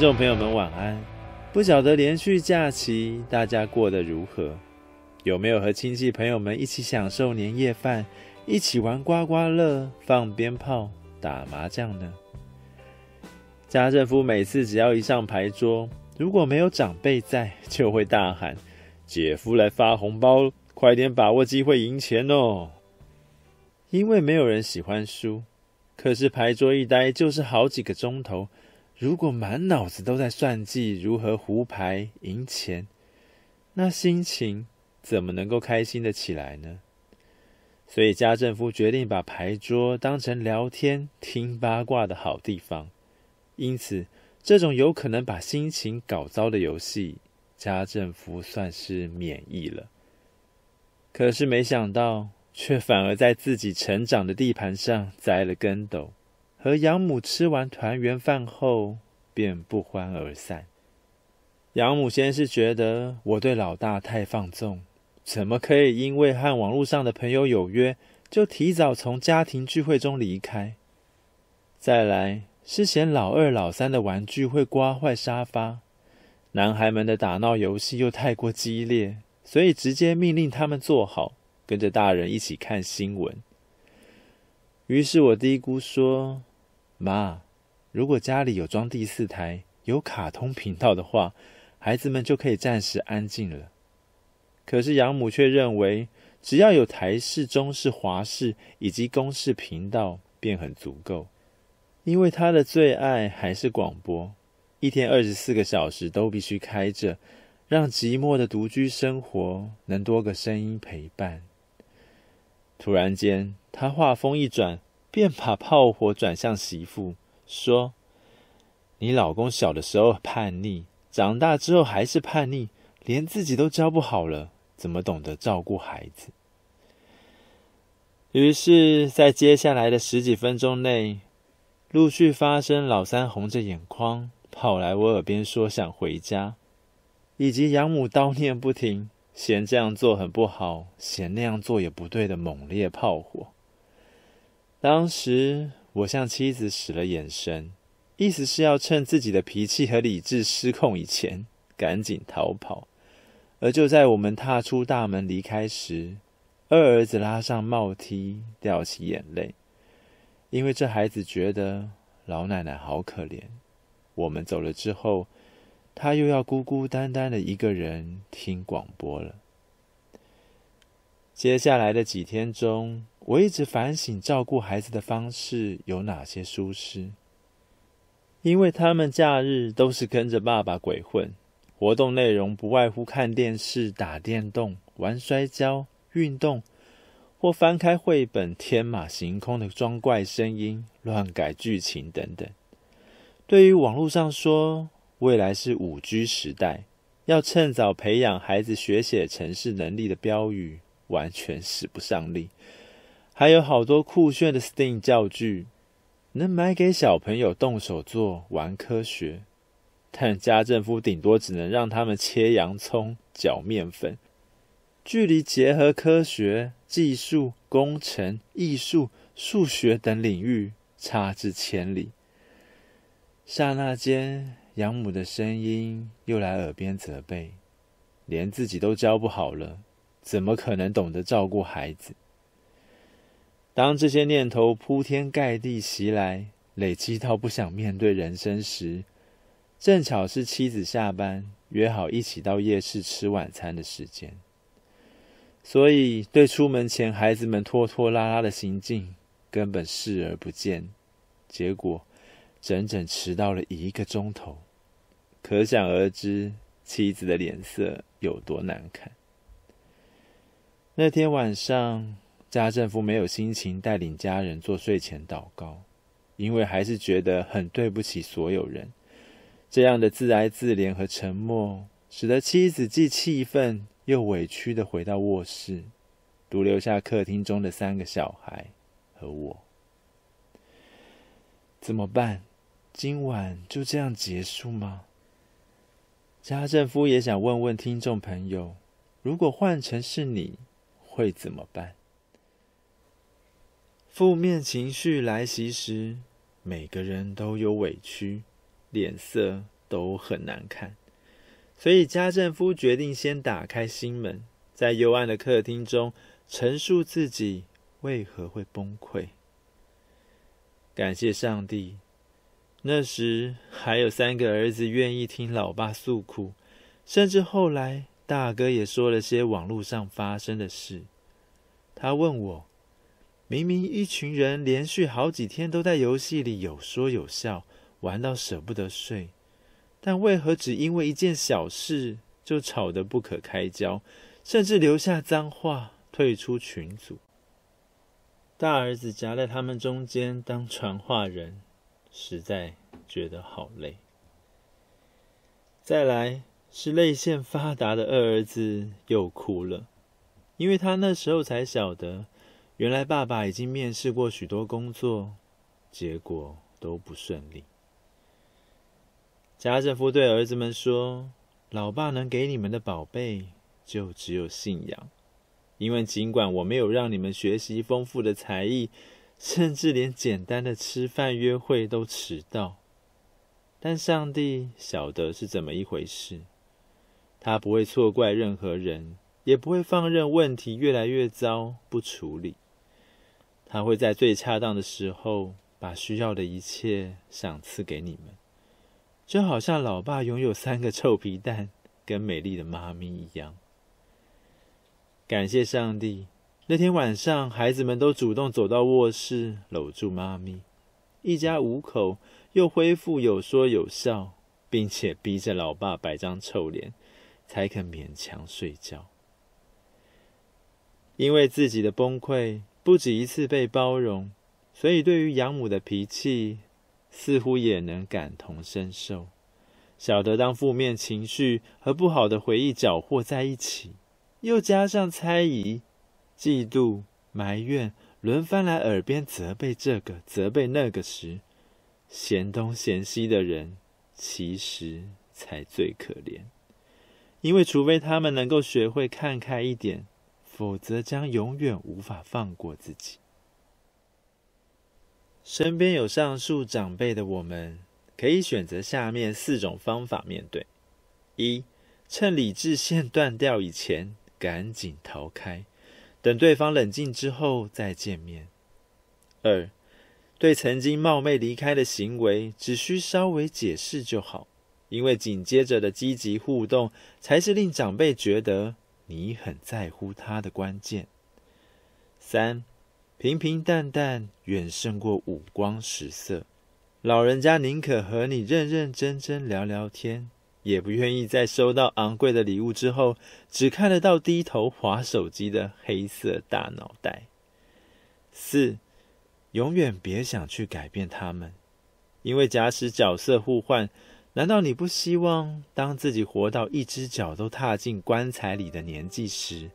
觀眾朋友們晚安，不曉得連續假期大家過得如何？有沒有和親戚朋友們一起享受年夜飯，一起玩刮刮樂、放鞭炮、打麻將呢？家政夫每次只要一上牌桌，如果沒有長輩在，就會大喊：“姐夫來發紅包，快點把握機會贏錢哦！”因為沒有人喜歡輸，可是牌桌一待就是好幾個鐘頭。如果滿腦子都在算計如何胡牌贏錢，那心情怎麼能夠開心的起來呢？所以家政夫決定把牌桌當成聊天、聽八卦的好地方。因此，這種有可能把心情搞糟的遊戲，家政夫算是免疫了。可是沒想到，卻反而在自己成長的地盤上栽了跟斗。和養母吃完團圓飯後，便不歡而散。養母先是覺得我對老大太放縱，怎麼可以因為和網絡上的朋友有約，就提早從家庭聚會中離開？再來是嫌老二、老三的玩具會刮壞沙發，男孩們的打鬧遊戲又太過激烈，所以直接命令他們坐好，跟着大人一起看新聞。於是我嘀咕說，媽，如果家裡有裝第四台、有卡通頻道的話，孩子們就可以暫時安靜了。可是養母卻認為，只要有台視、中視、華視以及公視頻道便很足夠，因為她的最愛還是廣播，一天二十四個小時都必須開着，讓寂寞的獨居生活能多個聲音陪伴。突然間，她話鋒一轉。便把炮火轉向媳婦，說：“你老公小的時候叛逆，長大之後還是叛逆，連自己都教不好了，怎麼懂得照顧孩子？”於是，在接下來的十幾分鐘內，陸續發生老三紅着眼眶跑來我耳邊說想回家，以及養母叨念不停，嫌這樣做很不好，嫌那樣做也不對的猛烈炮火。當時我向妻子使了眼神，意思是要趁自己的脾氣和理智失控以前趕緊逃跑。而就在我們踏出大門離開時，二兒子拉上帽 T，掉起眼淚，因為這孩子覺得老奶奶好可憐。我們走了之後，他又要孤孤單單的一個人聽廣播了。接下來的幾天中，我一直反省照顧孩子的方式有哪些疏失，因為他們假日都是跟着爸爸鬼混，活動內容不外乎看電視、打電動、玩摔跤、運動，或翻開繪本天馬行空的裝怪聲音、亂改劇情等等。對於網絡上說未來是五 G 時代，要趁早培養孩子學寫程式能力的標語，完全使不上力。還有好多酷炫的 STEAM 教具，能買給小朋友動手做玩科學，但家政夫頂多只能讓他們切洋蔥、攪麵粉，距離結合科學技術、工程、藝術、數學等領域差之千里。霎那間，養母的聲音又來耳邊責備：連自己都教不好了，怎麼可能懂得照顧孩子？當這些念頭鋪天蓋地襲來，累積到不想面對人生時，正巧是妻子下班約好一起到夜市吃晚餐的時間，所以對出門前孩子們拖拖拉拉的行徑根本視而不見，結果整整遲到了一個鐘頭，可想而知妻子的臉色有多難看。那天晚上。家政夫沒有心情帶領家人做睡前禱告，因為還是覺得很對不起所有人。這樣的自哀自憐和沉默，使得妻子既氣憤又委屈地回到臥室，獨留下客廳中的三個小孩和我。怎麼辦？今晚就這樣結束嗎？家政夫也想問問聽眾朋友，如果換成是你，會怎麼辦？負面情緒來襲時，每個人都有委屈，臉色都很難看。所以家政夫決定先打開心門，在幽暗的客廳中陳述自己為何會崩潰。感謝上帝，那時還有三個兒子願意聽老爸訴苦，甚至後來大哥也說了些網絡上發生的事，他問我。明明一群人連續好幾天都在遊戲裡有說有笑，玩到捨不得睡，但為何只因為一件小事就吵得不可開交，甚至留下髒話退出群組？大兒子夾在他們中間當傳話人，實在覺得好累。再來是淚腺發達的二兒子又哭了，因為他那時候才曉得。原來爸爸已經面試過許多工作，結果都不順利。家政夫對兒子們說：“老爸能給你們的寶貝，就只有信仰。因為儘管我沒有讓你們學習豐富的才藝，甚至連簡單的吃飯約會都遲到，但上帝曉得是怎麼一回事。他不會錯怪任何人，也不會放任問題越來越糟不處理。”他會在最恰當的時候，把需要的一切賞賜給你們，就好像老爸擁有三個臭皮蛋跟美麗的媽咪一樣。感謝上帝，那天晚上，孩子們都主動走到臥室，摟住媽咪，一家五口又恢復有說有笑，並且逼着老爸擺張臭臉，才肯勉強睡覺。因為自己的崩潰。不止一次被包容，所以對於養母的脾氣，似乎也能感同身受。曉得當負面情緒和不好的回憶攪和在一起，又加上猜疑、嫉妒、埋怨，輪番來耳邊責備這個、責備那個時，嫌東嫌西的人，其實才最可憐，因為除非他們能夠學會看開一點。否則將永遠無法放過自己。身邊有上述長輩的我們，可以選擇下面四種方法面對：一、趁理智線斷掉以前趕緊逃開，等對方冷靜之後再見面；二、對曾經冒昧離開的行為，只需稍微解釋就好，因為緊接着的積極互動才是令長輩覺得。你很在乎他的關鍵。三、，平平淡淡遠勝過五光十色。老人家寧可和你認認真真聊聊天，也不願意在收到昂貴的禮物之後，只看得到低頭滑手機的黑色大腦袋。四、，永遠別想去改變他們，因為假使角色互換。難道你不希望當自己活到一隻腳都踏進棺材裡的年紀時，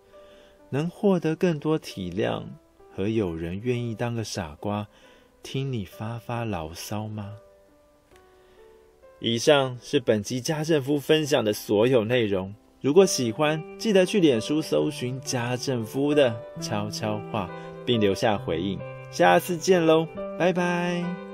能獲得更多體諒和有人願意當個傻瓜，聽你發發牢騷嗎？以上是本期家政夫分享的所有內容。如果喜歡，記得去臉書搜尋家政夫的悄悄話，並留下回應。下次見嘍，拜拜。